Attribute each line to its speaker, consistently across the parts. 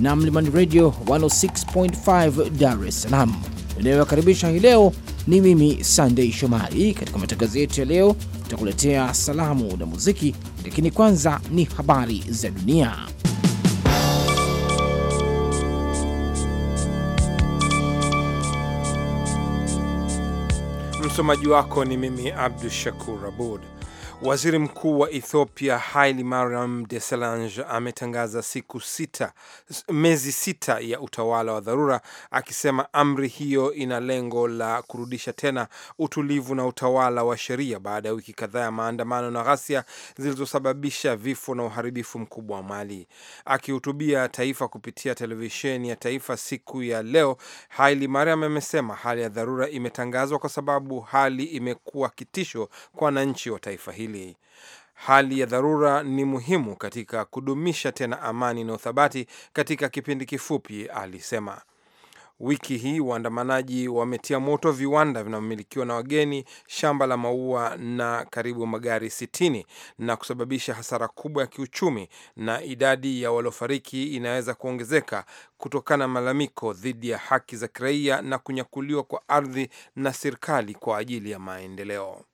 Speaker 1: na Mlimani Radio 106.5 Dar es Salaam inayowakaribisha hii leo. Ni mimi Sandei Shomari. Katika matangazo yetu ya leo, tutakuletea salamu na muziki, lakini kwanza ni habari za dunia.
Speaker 2: Msomaji wako ni mimi Abdu Shakur Abud. Waziri Mkuu wa Ethiopia Haile Mariam Desalegn ametangaza siku sita, miezi sita ya utawala wa dharura, akisema amri hiyo ina lengo la kurudisha tena utulivu na utawala wa sheria baada ya wiki kadhaa ya maandamano na ghasia zilizosababisha vifo na uharibifu mkubwa wa mali. Akihutubia taifa kupitia televisheni ya taifa siku ya leo, Haile Mariam amesema hali ya dharura imetangazwa kwa sababu hali imekuwa kitisho kwa wananchi wa taifa hili hili. Hali ya dharura ni muhimu katika kudumisha tena amani na uthabati katika kipindi kifupi, alisema. Wiki hii waandamanaji wametia moto viwanda vinavyomilikiwa na wageni, shamba la maua na karibu magari 60 na kusababisha hasara kubwa ya kiuchumi, na idadi ya waliofariki inaweza kuongezeka kutokana na malalamiko dhidi ya haki za kiraia na kunyakuliwa kwa ardhi na serikali kwa ajili ya maendeleo.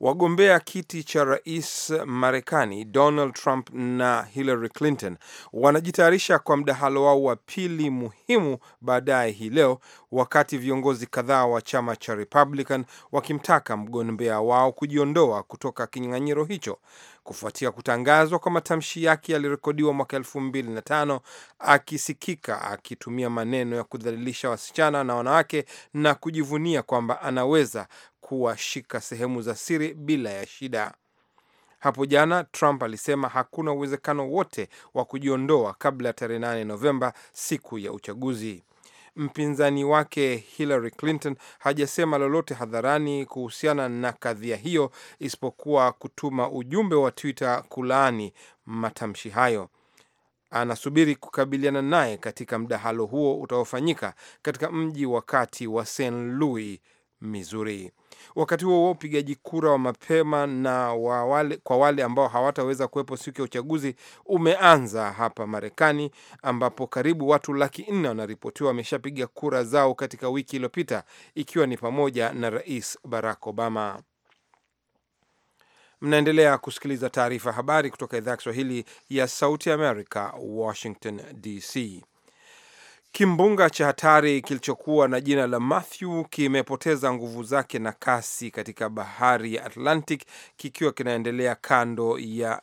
Speaker 2: Wagombea kiti cha rais Marekani Donald Trump na Hillary Clinton wanajitayarisha kwa mdahalo wao wa pili muhimu baadaye hii leo, wakati viongozi kadhaa wa chama cha Republican wakimtaka mgombea wao kujiondoa kutoka kinyang'anyiro hicho kufuatia kutangazwa kwa matamshi yake yaliyorekodiwa mwaka elfu mbili na tano akisikika akitumia maneno ya kudhalilisha wasichana na wanawake na kujivunia kwamba anaweza kuwashika sehemu za siri bila ya shida. Hapo jana Trump alisema hakuna uwezekano wote wa kujiondoa kabla ya tarehe 8 Novemba, siku ya uchaguzi mpinzani wake Hillary Clinton hajasema lolote hadharani kuhusiana na kadhia hiyo isipokuwa kutuma ujumbe wa Twitter kulaani matamshi hayo. Anasubiri kukabiliana naye katika mdahalo huo utaofanyika katika mji wa kati wa St. Louis mizuri Wakati huo huo, upigaji kura wa mapema na wa wale, kwa wale ambao hawataweza kuwepo siku ya uchaguzi umeanza hapa Marekani, ambapo karibu watu laki nne wanaripotiwa wameshapiga kura zao katika wiki iliyopita, ikiwa ni pamoja na Rais Barack Obama. Mnaendelea kusikiliza taarifa habari kutoka idhaa ya Kiswahili ya Sauti America, Washington DC. Kimbunga cha hatari kilichokuwa na jina la Matthew kimepoteza nguvu zake na kasi katika bahari ya Atlantic kikiwa kinaendelea kando ya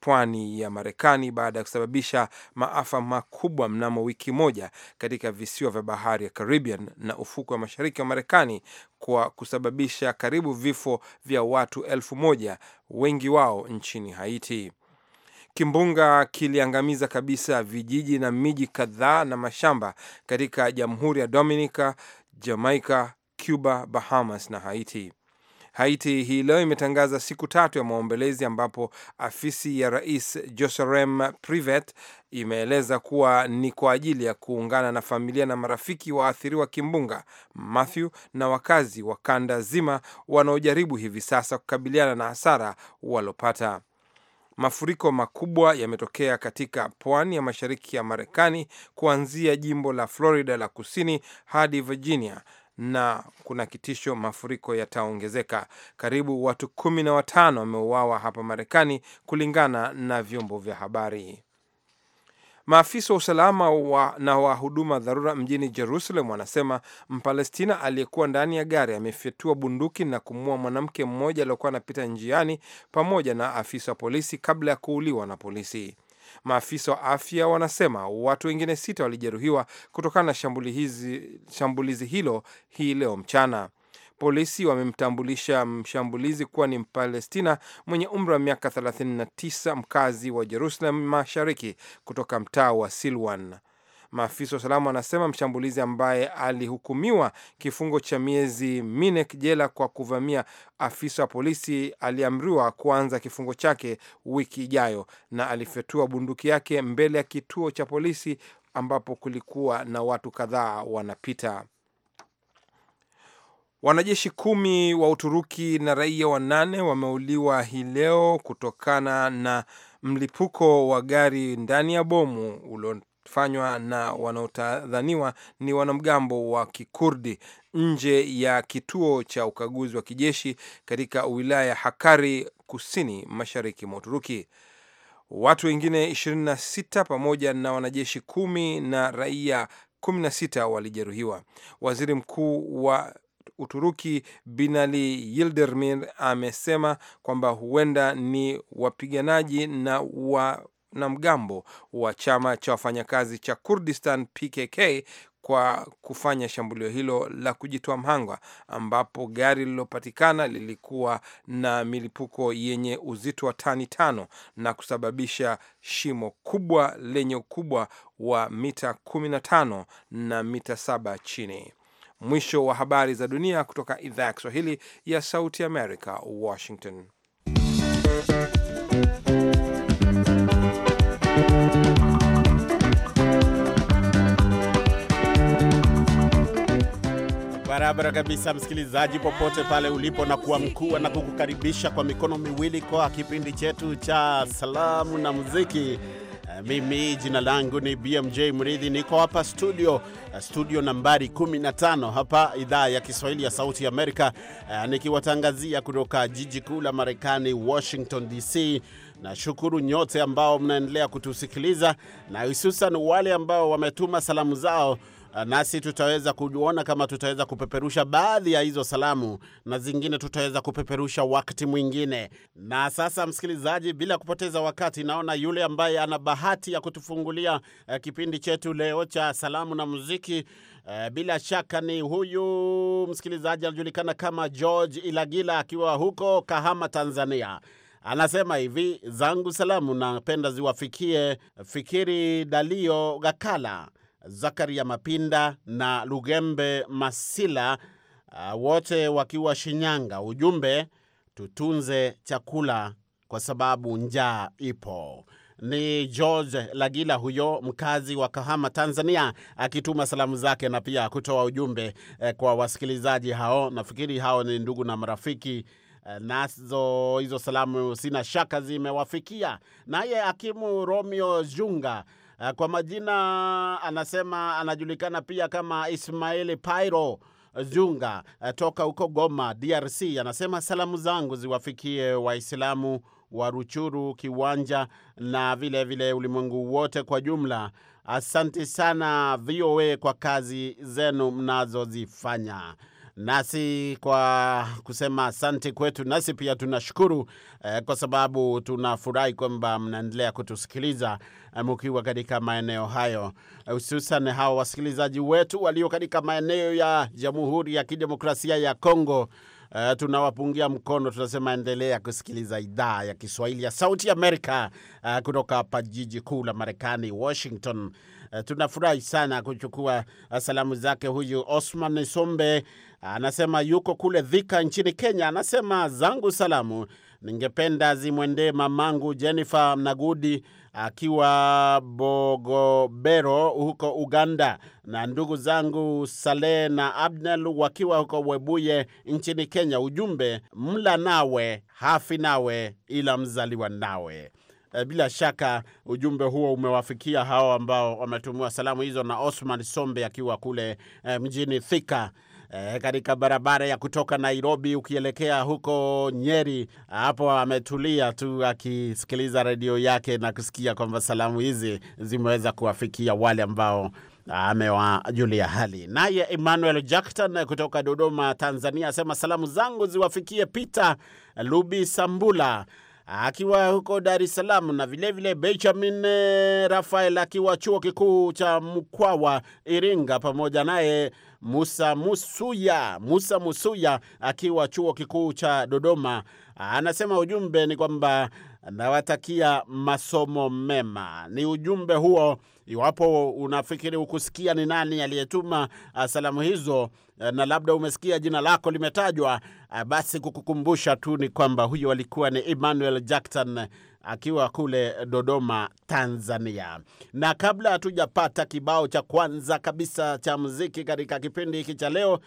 Speaker 2: pwani ya Marekani baada ya kusababisha maafa makubwa mnamo wiki moja katika visiwa vya bahari ya Caribbean na ufukwe wa mashariki wa Marekani kwa kusababisha karibu vifo vya watu elfu moja wengi wao nchini Haiti. Kimbunga kiliangamiza kabisa vijiji na miji kadhaa na mashamba katika Jamhuri ya Dominica, Jamaica, Cuba, Bahamas na Haiti. Haiti hii leo imetangaza siku tatu ya maombelezi ambapo afisi ya rais Joserem Privet imeeleza kuwa ni kwa ajili ya kuungana na familia na marafiki waathiriwa kimbunga Matthew na wakazi wa kanda zima wanaojaribu hivi sasa kukabiliana na hasara walopata. Mafuriko makubwa yametokea katika pwani ya mashariki ya Marekani kuanzia jimbo la Florida la kusini hadi Virginia na kuna kitisho mafuriko yataongezeka. Karibu watu kumi na watano wameuawa hapa Marekani kulingana na vyombo vya habari. Maafisa wa usalama wa na wa huduma dharura mjini Jerusalem wanasema Mpalestina aliyekuwa ndani ya gari amefyatua bunduki na kumua mwanamke mmoja aliyokuwa anapita njiani pamoja na afisa wa polisi kabla ya kuuliwa na polisi. Maafisa wa afya wanasema watu wengine sita walijeruhiwa kutokana na shambulizi hilo hii leo mchana. Polisi wamemtambulisha mshambulizi kuwa ni Mpalestina mwenye umri wa miaka 39 mkazi wa Jerusalem Mashariki kutoka mtaa wa Silwan. Maafisa wa usalama wanasema mshambulizi ambaye alihukumiwa kifungo cha miezi minne jela kwa kuvamia afisa wa polisi aliamriwa kuanza kifungo chake wiki ijayo, na alifyatua bunduki yake mbele ya kituo cha polisi ambapo kulikuwa na watu kadhaa wanapita. Wanajeshi kumi wa Uturuki na raia wanane wameuliwa hii leo kutokana na mlipuko wa gari ndani ya bomu uliofanywa na wanaotadhaniwa ni wanamgambo wa Kikurdi nje ya kituo cha ukaguzi wa kijeshi katika wilaya Hakari kusini mashariki mwa Uturuki. Watu wengine 26 pamoja na wanajeshi kumi na raia 16 walijeruhiwa. Waziri mkuu wa Uturuki Binali yildermir amesema kwamba huenda ni wapiganaji na wanamgambo wa chama cha wafanyakazi cha Kurdistan PKK kwa kufanya shambulio hilo la kujitoa mhanga ambapo gari lililopatikana lilikuwa na milipuko yenye uzito wa tani tano na kusababisha shimo kubwa lenye ukubwa wa mita 15 na mita saba chini. Mwisho wa habari za dunia kutoka idhaa ya Kiswahili ya Sauti Amerika, Washington.
Speaker 3: Barabara kabisa, msikilizaji, popote pale ulipo, na kuwa mkuu na kukukaribisha kwa mikono miwili kwa kipindi chetu cha salamu na muziki mimi jina langu ni BMJ Mridhi, niko hapa studio eh, studio nambari 15 hapa idhaa ya Kiswahili ya Sauti ya Amerika, eh, nikiwatangazia kutoka jiji kuu la Marekani, Washington DC. Nashukuru nyote ambao mnaendelea kutusikiliza na hususan wale ambao wametuma salamu zao Eh, nasi tutaweza kuona kama tutaweza kupeperusha baadhi ya hizo salamu na zingine tutaweza kupeperusha wakati mwingine. Na sasa, msikilizaji, bila kupoteza wakati, naona yule ambaye ana bahati ya kutufungulia eh, kipindi chetu leo cha salamu na muziki eh, bila shaka ni huyu msikilizaji anajulikana kama George Ilagila akiwa huko Kahama, Tanzania. Anasema hivi, zangu salamu napenda ziwafikie Fikiri Dalio Gakala Zakaria Mapinda na Lugembe Masila, uh, wote wakiwa Shinyanga. Ujumbe, tutunze chakula kwa sababu njaa ipo. Ni George Lagila huyo mkazi wa Kahama, Tanzania, akituma salamu zake na pia kutoa ujumbe eh, kwa wasikilizaji hao. Nafikiri hao ni ndugu na marafiki eh, nazo hizo salamu sina shaka zimewafikia. Naye Akimu Romeo Junga Eh, kwa majina anasema anajulikana pia kama Ismaili Pairo Zunga eh, toka huko Goma, DRC. Anasema salamu zangu ziwafikie Waislamu wa Ruchuru Kiwanja na vilevile ulimwengu wote kwa jumla. Asante sana VOA kwa kazi zenu mnazozifanya nasi kwa kusema asante kwetu, nasi pia tunashukuru eh, kwa sababu tunafurahi kwamba mnaendelea kutusikiliza eh, mkiwa katika maeneo hayo, eh, hususan eh, hawa wasikilizaji wetu walio katika maeneo ya Jamhuri ya Kidemokrasia ya Kongo. Uh, tunawapungia mkono, tunasema endelea kusikiliza idhaa ya Kiswahili ya Sauti Amerika, uh, kutoka hapa jiji kuu la Marekani, Washington. Eh, tunafurahi sana kuchukua eh, salamu zake huyu Osman Sombe, anasema yuko kule Dhika nchini Kenya. Anasema zangu salamu ningependa zimwendee mamangu Jennifer Mnagudi akiwa Bogobero huko Uganda, na ndugu zangu Saleh na Abnel wakiwa huko Webuye nchini Kenya. Ujumbe, mla nawe hafi nawe, ila mzaliwa nawe. Eh, bila shaka ujumbe huo umewafikia hao ambao wametumiwa salamu hizo na Osman Sombe akiwa kule eh, mjini Thika. E, katika barabara ya kutoka Nairobi ukielekea huko Nyeri, hapo ametulia tu akisikiliza redio yake na kusikia kwamba salamu hizi zimeweza kuwafikia wale ambao amewajulia hali. Naye Emmanuel Jackson kutoka Dodoma, Tanzania, asema salamu zangu ziwafikie Peter Lubi Sambula, akiwa huko Dar es Salaam, na vilevile Benjamin eh, Rafael akiwa chuo kikuu cha Mkwawa Iringa, pamoja naye Musa Musuya, Musa Musuya akiwa chuo kikuu cha Dodoma. Anasema ujumbe ni kwamba nawatakia masomo mema. Ni ujumbe huo. Iwapo unafikiri ukusikia ni nani aliyetuma ah, salamu hizo eh, na labda umesikia jina lako limetajwa, ah, basi kukukumbusha tu ni kwamba huyo alikuwa ni Emmanuel Jackson akiwa kule Dodoma, Tanzania. Na kabla hatujapata kibao cha kwanza kabisa cha muziki katika kipindi hiki cha leo,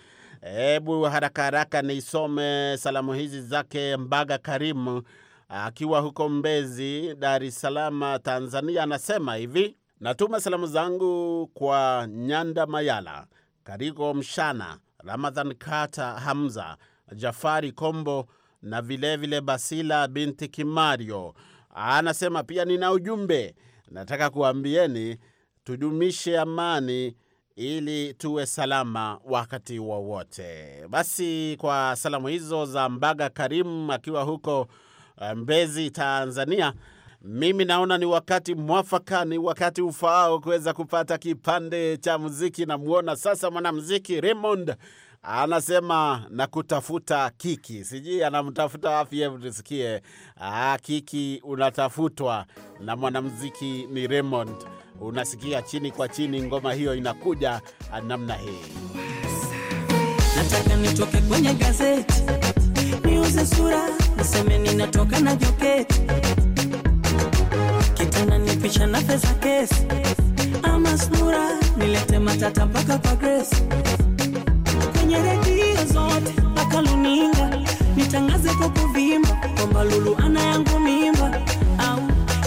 Speaker 3: hebu haraka haraka niisome salamu hizi zake Mbaga Karimu akiwa huko Mbezi, Dar es Salaam, Tanzania, anasema hivi: natuma salamu zangu kwa Nyanda Mayala, Kariko Mshana, Ramadhan Kata, Hamza Jafari Kombo na vilevile vile Basila binti Kimario. Anasema pia nina ujumbe, nataka kuambieni tudumishe amani ili tuwe salama wakati wowote wa. Basi kwa salamu hizo za Mbaga Karimu akiwa huko Eh, Mbezi, Tanzania. Mimi naona ni wakati mwafaka, ni wakati ufaao kuweza kupata kipande cha muziki. Namwona sasa mwanamuziki Raymond anasema na kutafuta kiki, sijui anamtafuta wapi? Hebu tusikie. Ah, kiki unatafutwa na mwanamuziki ni Raymond. Unasikia chini kwa chini, ngoma hiyo inakuja namna hii. Nataka nitoke kwenye gazeti
Speaker 4: niuze sura
Speaker 5: niseme ninatoka na joketi, kitana nipisha na pesa kesi, ama sura nilete matata mpaka kwa Grace, kwenye redio zote mpaka luninga nitangaze kwa kuvimba kwamba Lulu ana yangu mimba, au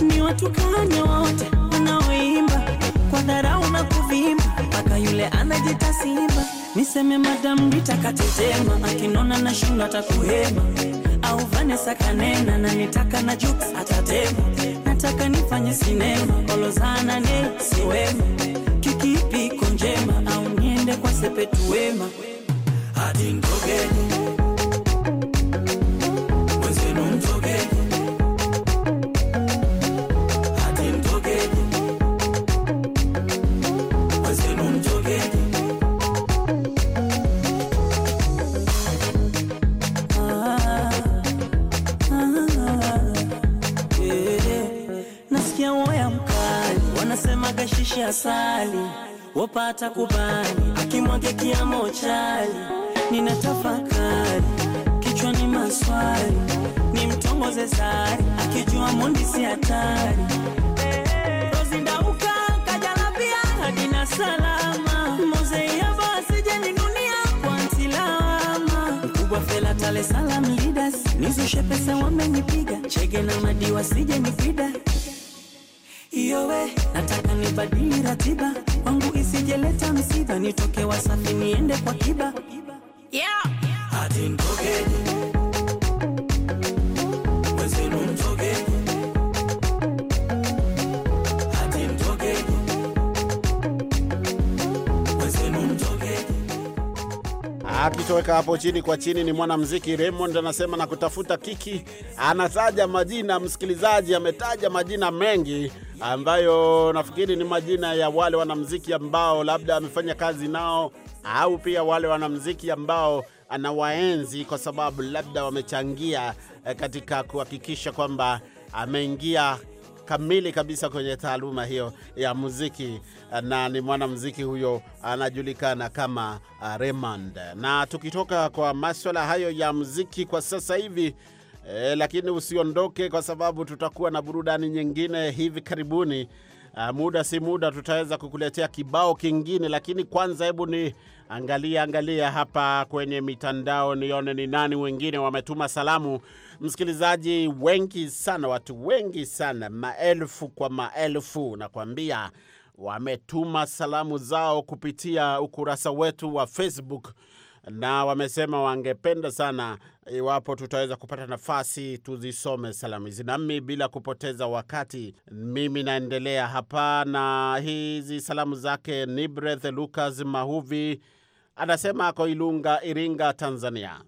Speaker 5: ni watukane wote wanaoimba kwa dharau na kuvimba mpaka yule anajitasimba niseme madam Rita katetema, akinona na shindwa atakuhema au Vanessa Kanena na nitaka na Jux atatema, nataka nifanye sinema Olozana ne siwema, kiki iko njema au niende kwa Sepetu wema hadi ndogeni kupata kubali, akimwage kiamo chali, ninatafakari kichwani maswali, mtongoze sari, akijua mundi si hatari, rozindauka kajalabia hadi na salama mozei Fela Tale nizushe pesa wamenipiga chege na madiwa sije nipida iyowe nataka nibadili ratiba kwangu isijeleta msiba, nitoke Wasafi niende kwa Kiba yeah.
Speaker 3: Akitoweka hapo chini kwa chini, ni mwanamziki Raymond anasema na kutafuta kiki, anataja majina msikilizaji, ametaja majina mengi ambayo nafikiri ni majina ya wale wanamziki ambao labda amefanya kazi nao au pia wale wanamziki ambao anawaenzi kwa sababu labda wamechangia eh, katika kuhakikisha kwamba ameingia kamili kabisa kwenye taaluma hiyo ya muziki, na ni mwanamuziki huyo anajulikana kama eh, Raymond. Na tukitoka kwa maswala hayo ya muziki, kwa sasa hivi E, lakini usiondoke kwa sababu tutakuwa na burudani nyingine hivi karibuni. Uh, muda si muda tutaweza kukuletea kibao kingine, lakini kwanza, hebu ni angalia angalia hapa kwenye mitandao nione ni nani wengine wametuma salamu. Msikilizaji wengi sana, watu wengi sana, maelfu kwa maelfu, nakwambia wametuma salamu zao kupitia ukurasa wetu wa Facebook na wamesema wangependa sana iwapo tutaweza kupata nafasi tuzisome salamu hizi. Nami bila kupoteza wakati, mimi naendelea hapa na hizi salamu zake. Nibreth Lucas Mahuvi anasema ako Ilunga, Iringa, Tanzania.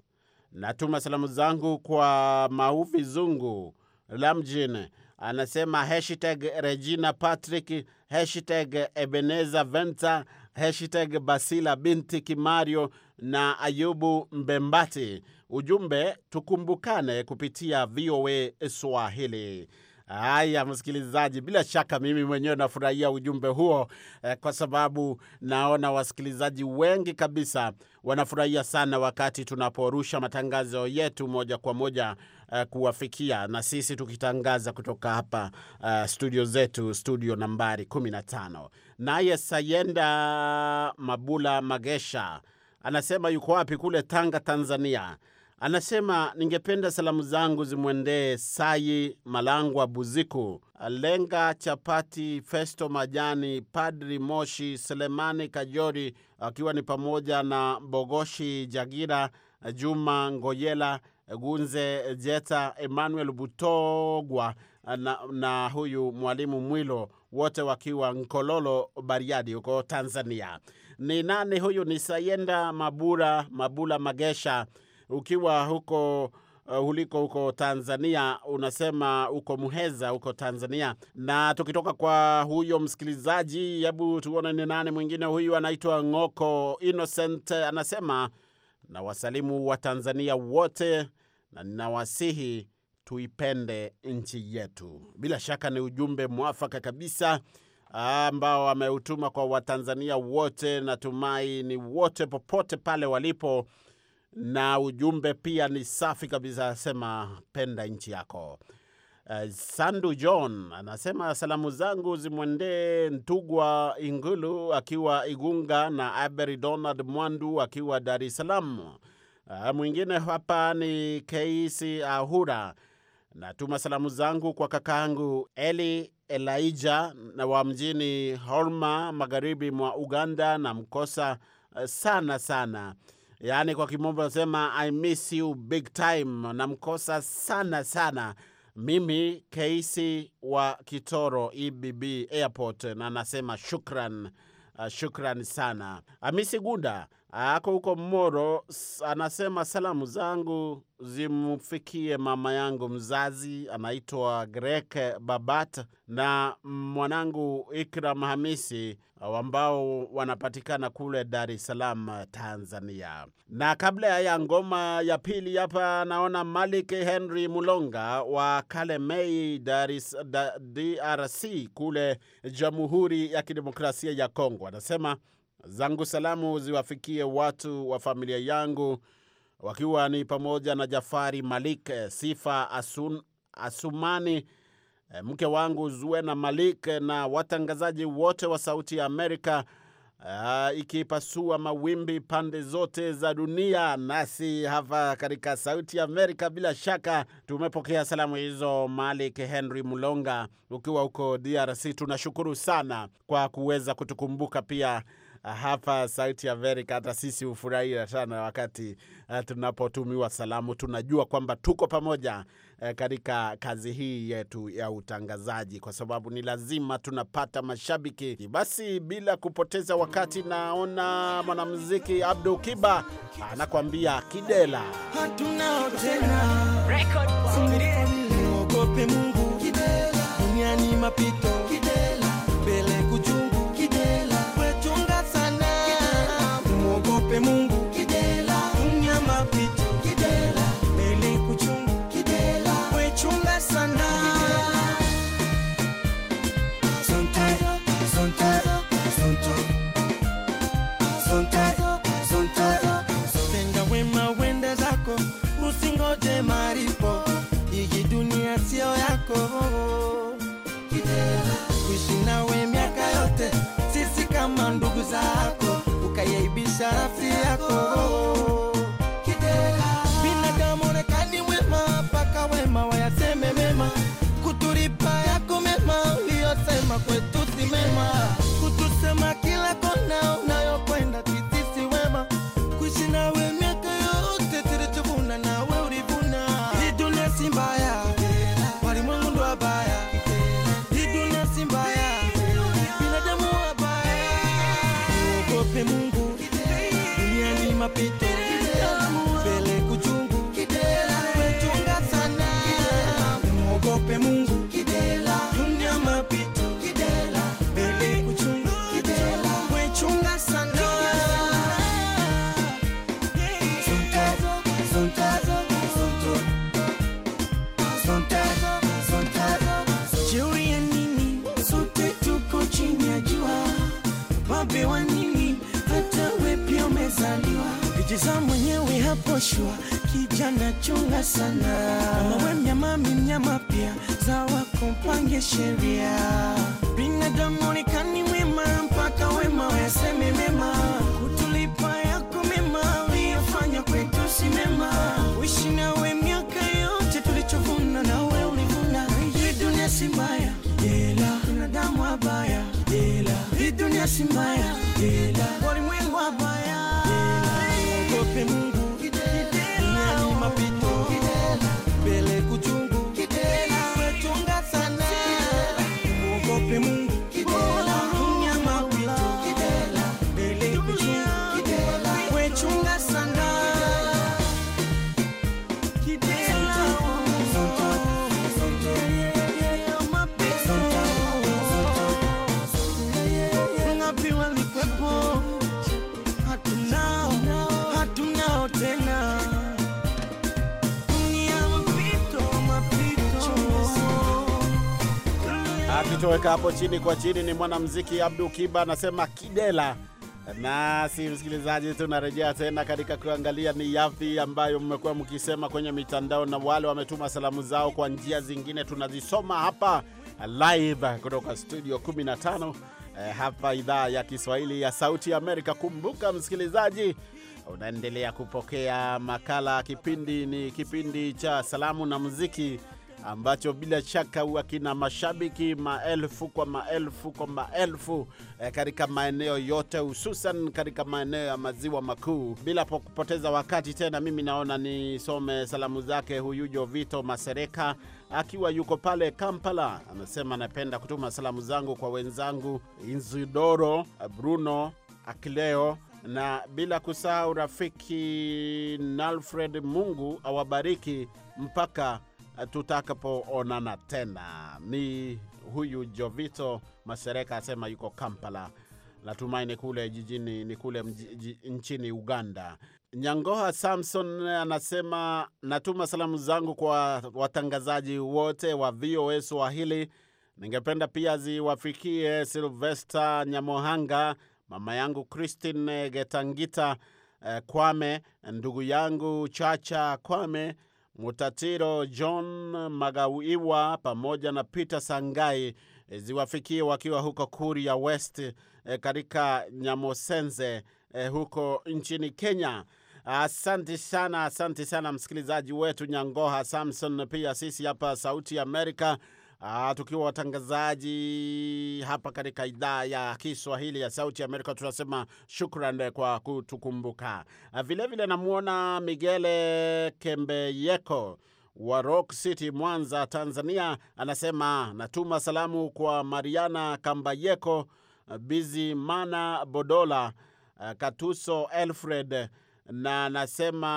Speaker 3: Natuma salamu zangu kwa Mahuvi Zungu Lamjin, anasema hashtag Regina Patrick, hashtag Ebeneza Venta, hashtag Basila binti Kimario na Ayubu Mbembati. Ujumbe tukumbukane kupitia VOA Swahili. Haya, msikilizaji, bila shaka mimi mwenyewe nafurahia ujumbe huo eh, kwa sababu naona wasikilizaji wengi kabisa wanafurahia sana wakati tunaporusha matangazo yetu moja kwa moja eh, kuwafikia na sisi tukitangaza kutoka hapa eh, studio zetu, studio nambari 15. Naye Sayenda Mabula Magesha anasema yuko wapi? Kule Tanga, Tanzania. Anasema ningependa salamu zangu zimwendee Sayi Malangwa, Buziku Lenga, Chapati Festo Majani, Padri Moshi, Selemani Kajori, akiwa ni pamoja na Bogoshi Jagira, Juma Ngoyela, Gunze Jeta, Emmanuel Butogwa na, na huyu Mwalimu Mwilo, wote wakiwa Nkololo, Bariadi huko Tanzania. Ni nani huyu? Ni Sayenda Mabura Mabula Magesha, ukiwa huko Uh, uliko huko Tanzania, unasema uko Muheza huko Tanzania. Na tukitoka kwa huyo msikilizaji, hebu tuone ni nani mwingine huyu. Anaitwa Ng'oko Innocent, anasema na wasalimu wa Tanzania wote na ninawasihi tuipende nchi yetu. Bila shaka ni ujumbe mwafaka kabisa ambao ameutuma kwa Watanzania wote, natumai ni wote popote pale walipo, na ujumbe pia ni safi kabisa, asema penda nchi yako. Uh, Sandu John anasema salamu zangu zimwendee Ntugwa Ingulu akiwa Igunga na Abery Donald Mwandu akiwa Dar es Salaam. Uh, mwingine hapa ni Keisi Ahura. Natuma salamu zangu kwa kakaangu Eli Elaija na wa mjini Horma magharibi mwa Uganda na mkosa eh, sana sana, yaani kwa kimombo nasema I miss you big time, na mkosa sana sana. Mimi Keisi wa Kitoro EBB Airport, na nasema shukran, uh, shukran sana. amisi Gunda ako huko Moro, anasema salamu zangu zimfikie mama yangu mzazi anaitwa grek Babat na mwanangu Ikram Hamisi ambao wanapatikana kule Dar es Salaam, Tanzania. Na kabla ya ngoma ya pili hapa, naona Malik Henry Mulonga wa Kalemei, DRC kule Jamhuri ya Kidemokrasia ya Kongo anasema zangu salamu ziwafikie watu wa familia yangu wakiwa ni pamoja na Jafari Malik, Sifa Asun, Asumani, mke wangu Zuena Malik na watangazaji wote wa Sauti ya Amerika, uh, ikipasua mawimbi pande zote za dunia. Nasi hapa katika Sauti ya Amerika bila shaka tumepokea salamu hizo. Malik Henry Mulonga, ukiwa huko DRC, tunashukuru sana kwa kuweza kutukumbuka pia hapa Sauti ya Amerika, hata sisi hufurahia sana wakati uh, tunapotumiwa salamu. Tunajua kwamba tuko pamoja uh, katika kazi hii yetu ya utangazaji, kwa sababu ni lazima tunapata mashabiki. Basi bila kupoteza wakati, naona mwanamuziki abdu Kiba anakuambia Kidela,
Speaker 4: hatuna tena record, ogope Mungu, Kidela duniani mapito that I feel. Mwogope Mungu Kidela, dunia mapito Kidela, beli kuchunga Kidela, wechunga sana Jiuria nini, sote tuko chini ya jua, wabewa nini, hata we pia umezaliwa, vijisa mwenyewe hapo shua, kijana chunga sana, mama we mnyama mnyama tabia zawa kumpange sheria binadamu onekani mwema mpaka wema wayaseme mema kutulipa yako mema uliyofanya kwetu si mema uishi nawe miaka yote tulichovuna nawe ulivuna hii dunia si mbaya jela binadamu wabaya jela hii dunia si mbaya jela walimwengu wabaya ogope Mungu
Speaker 3: kuweka hapo chini kwa chini ni mwanamuziki Abdu Kiba anasema Kidela. Nasi msikilizaji, tunarejea tena katika kuangalia ni yapi ambayo mmekuwa mkisema kwenye mitandao, na wale wametuma salamu zao kwa njia zingine tunazisoma hapa live kutoka studio 15 eh, hapa idhaa ya Kiswahili ya Sauti Amerika. Kumbuka msikilizaji, unaendelea kupokea makala. Kipindi ni kipindi cha salamu na muziki ambacho bila shaka huwa kina mashabiki maelfu kwa maelfu kwa maelfu eh, katika maeneo yote, hususan katika maeneo ya maziwa makuu. Bila kupoteza wakati tena, mimi naona nisome salamu zake huyu Jovito Masereka akiwa yuko pale Kampala. Anasema anapenda kutuma salamu zangu kwa wenzangu Inzidoro, Bruno Akileo na bila kusahau rafiki Nalfred, Mungu awabariki mpaka tutakapoonana tena. Ni huyu Jovito Masereka asema yuko Kampala, natumaini kule jijini ni kule nchini Uganda. Nyangoha Samson anasema natuma salamu zangu kwa watangazaji wote wa VOA Swahili. Ningependa pia ziwafikie Silvesta Nyamohanga, mama yangu Christine Getangita, eh, Kwame, ndugu yangu Chacha Kwame Mutatiro John Magawiwa pamoja na Peter Sangai eh, ziwafikie wakiwa huko Kuria West eh, katika Nyamosenze eh, huko nchini Kenya. Asante sana, asante sana msikilizaji wetu Nyangoha Samson. Pia sisi hapa Sauti Amerika Aa, ah, tukiwa watangazaji hapa katika idhaa ya Kiswahili ya Sauti Amerika, tunasema shukran kwa kutukumbuka. Vilevile ah, namwona Migele Kembeyeko wa Rock City, Mwanza, Tanzania, anasema natuma salamu kwa Mariana Kambayeko, Bizimana Bodola, ah, Katuso Alfred na anasema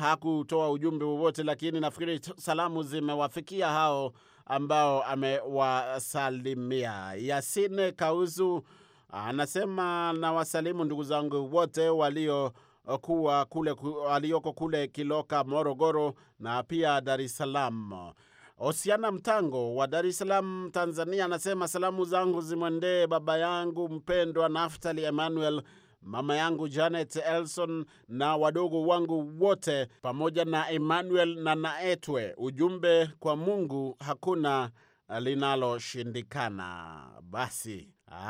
Speaker 3: hakutoa ujumbe wowote, lakini nafikiri salamu zimewafikia hao ambao amewasalimia. Yasine Kauzu ah, anasema na wasalimu ndugu zangu wote walio ah, kuwa kule walioko kule Kiloka, Morogoro na pia Dar es Salaam. Osiana Mtango wa Dar es Salaam, Tanzania, anasema salamu zangu zimwendee baba yangu mpendwa Naftali Emmanuel mama yangu Janet Elson na wadogo wangu wote, pamoja na Emmanuel na Naetwe. Ujumbe kwa Mungu, hakuna linaloshindikana. Basi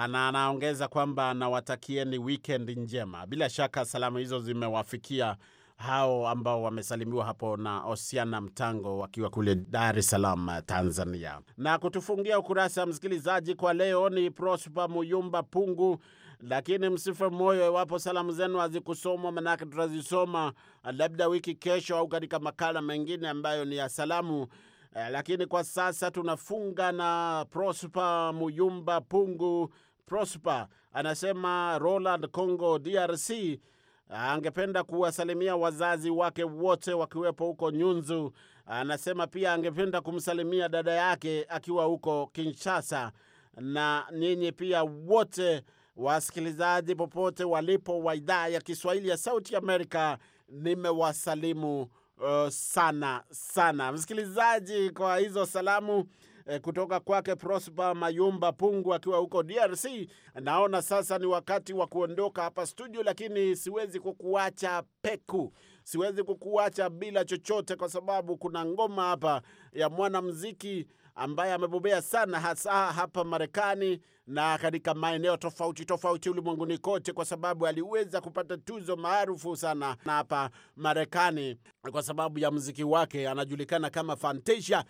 Speaker 3: na anaongeza kwamba nawatakieni wkend njema. Bila shaka salamu hizo zimewafikia hao ambao wamesalimiwa hapo na Osiana Mtango wakiwa kule Dar es Salaam, Tanzania. Na kutufungia ukurasa msikilizaji kwa leo ni Prosper Muyumba Pungu lakini msife moyo iwapo salamu zenu hazikusomwa, manake tutazisoma eh, labda wiki kesho au katika makala mengine ambayo ni ya salamu. Eh, lakini kwa sasa tunafunga na Prosper Muyumba Pungu. Prosper anasema Roland Congo DRC angependa kuwasalimia wazazi wake wote wakiwepo huko Nyunzu. Anasema pia angependa kumsalimia dada yake akiwa huko Kinshasa, na ninyi pia wote wasikilizaji popote walipo wa idhaa ya Kiswahili ya Sauti Amerika, nimewasalimu uh, sana sana msikilizaji kwa hizo salamu eh, kutoka kwake Prosper Mayumba Pungu akiwa huko DRC. Naona sasa ni wakati wa kuondoka hapa studio, lakini siwezi kukuacha peku, siwezi kukuacha bila chochote, kwa sababu kuna ngoma hapa ya mwanamuziki ambaye amebobea sana hasa hapa Marekani na katika maeneo tofauti tofauti ulimwenguni kote, kwa sababu aliweza kupata tuzo maarufu sana na hapa Marekani kwa sababu ya mziki wake. Anajulikana kama Fantasia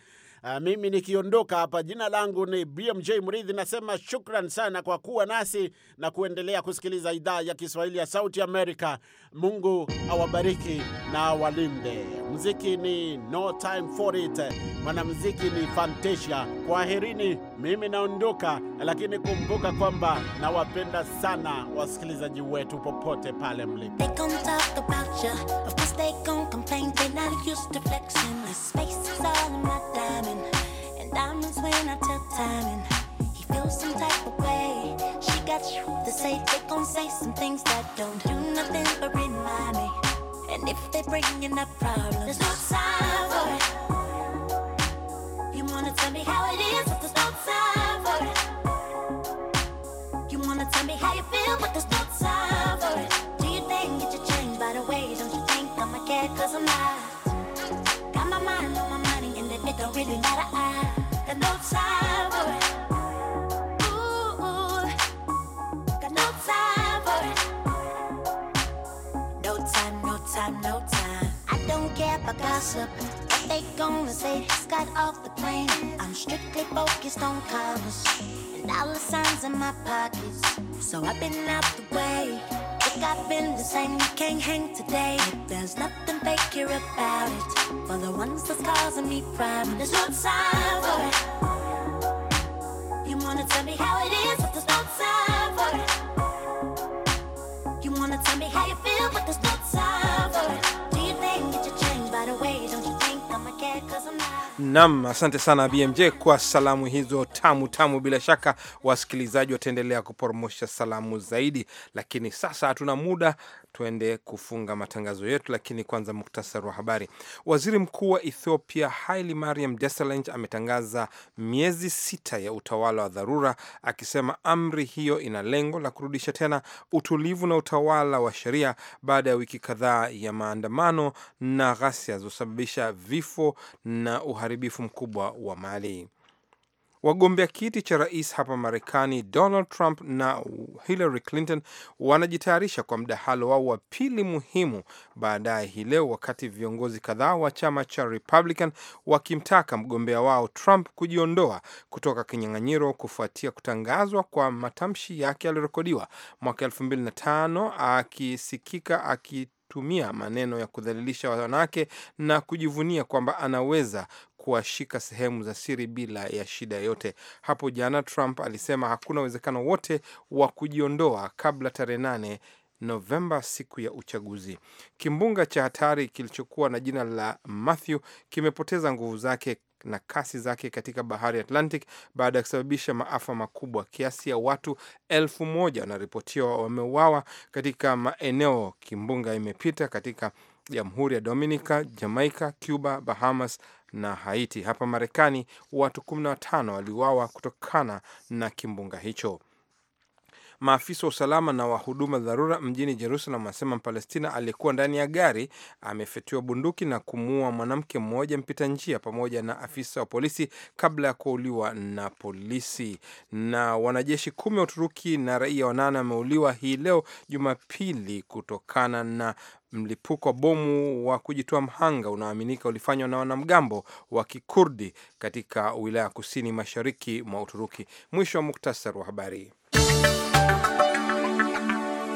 Speaker 3: Uh, mimi nikiondoka hapa, jina langu ni BMJ Mridhi, nasema shukran sana kwa kuwa nasi na kuendelea kusikiliza idhaa ya Kiswahili ya Sauti Amerika. Mungu awabariki na awalinde. Mziki ni No Time For It, mwanamziki ni Fantasia. Kwaherini, mimi naondoka, lakini kumbuka kwamba nawapenda sana wasikilizaji wetu popote pale mlipo.
Speaker 6: Of course they gon' complain they not used to flexing. This space is all in my diamond. timing, and diamonds when I tell timing. He feels some type of way. She got you to say, they gon' say some things that don't do nothing but remind me. And if they bringing up problems, there's no time for it. You wanna tell me how it is, but there's no time for it. You wanna tell me how you feel, but there's no time for it. Do you think get your change by the way? Don't you think i am a to Cause I'm not. Got my mind on my don't really matter. I got no time for it. Ooh, got no time for it. No time, no time, no time. I don't care about gossip. What they gonna say? Just got off the plane. I'm strictly focused on commerce and dollar signs in my pockets. So I've been out the way. I've been the same. You can't hang today. There's nothing fake here about it. For the ones that's causing me problems, there's no time for it. You wanna tell me how it is?
Speaker 2: Nam, asante sana BMJ kwa salamu hizo tamu tamu. Bila shaka wasikilizaji wataendelea kuporomosha salamu zaidi, lakini sasa hatuna muda tuende kufunga matangazo yetu, lakini kwanza muktasari wa habari. Waziri mkuu wa Ethiopia Haile Mariam Desalegn ametangaza miezi sita ya utawala wa dharura, akisema amri hiyo ina lengo la kurudisha tena utulivu na utawala wa sheria baada ya wiki kadhaa ya maandamano na ghasia zilizosababisha vifo na uharibifu mkubwa wa mali. Wagombea kiti cha rais hapa Marekani, Donald Trump na Hillary Clinton wanajitayarisha kwa mdahalo wao wa pili muhimu baadaye hii leo, wakati viongozi kadhaa wa chama cha Republican wakimtaka mgombea wao Trump kujiondoa kutoka kinyang'anyiro kufuatia kutangazwa kwa matamshi yake yaliyorekodiwa mwaka 2005 akisikika aki tumia maneno ya kudhalilisha wanawake na kujivunia kwamba anaweza kuwashika sehemu za siri bila ya shida yoyote. Hapo jana Trump alisema hakuna uwezekano wote wa kujiondoa kabla tarehe nane Novemba, siku ya uchaguzi. Kimbunga cha hatari kilichokuwa na jina la Matthew kimepoteza nguvu zake na kasi zake katika bahari Atlantic baada ya kusababisha maafa makubwa. Kiasi ya watu elfu moja wanaripotiwa wameuawa katika maeneo kimbunga imepita katika Jamhuri ya Dominica, Jamaica, Cuba, Bahamas na Haiti. Hapa Marekani, watu 15 waliuawa kutokana na kimbunga hicho. Maafisa wa usalama na wa huduma dharura mjini Jerusalem wanasema Mpalestina aliyekuwa ndani ya gari amefyatiwa bunduki na kumuua mwanamke mmoja mpita njia pamoja na afisa wa polisi kabla ya kuuliwa na polisi. Na wanajeshi kumi wa Uturuki na raia wanane wameuliwa hii leo Jumapili kutokana na mlipuko wa bomu wa kujitoa mhanga unaoaminika ulifanywa na wanamgambo wa Kikurdi katika wilaya ya kusini mashariki mwa Uturuki. Mwisho wa muktasar wa habari.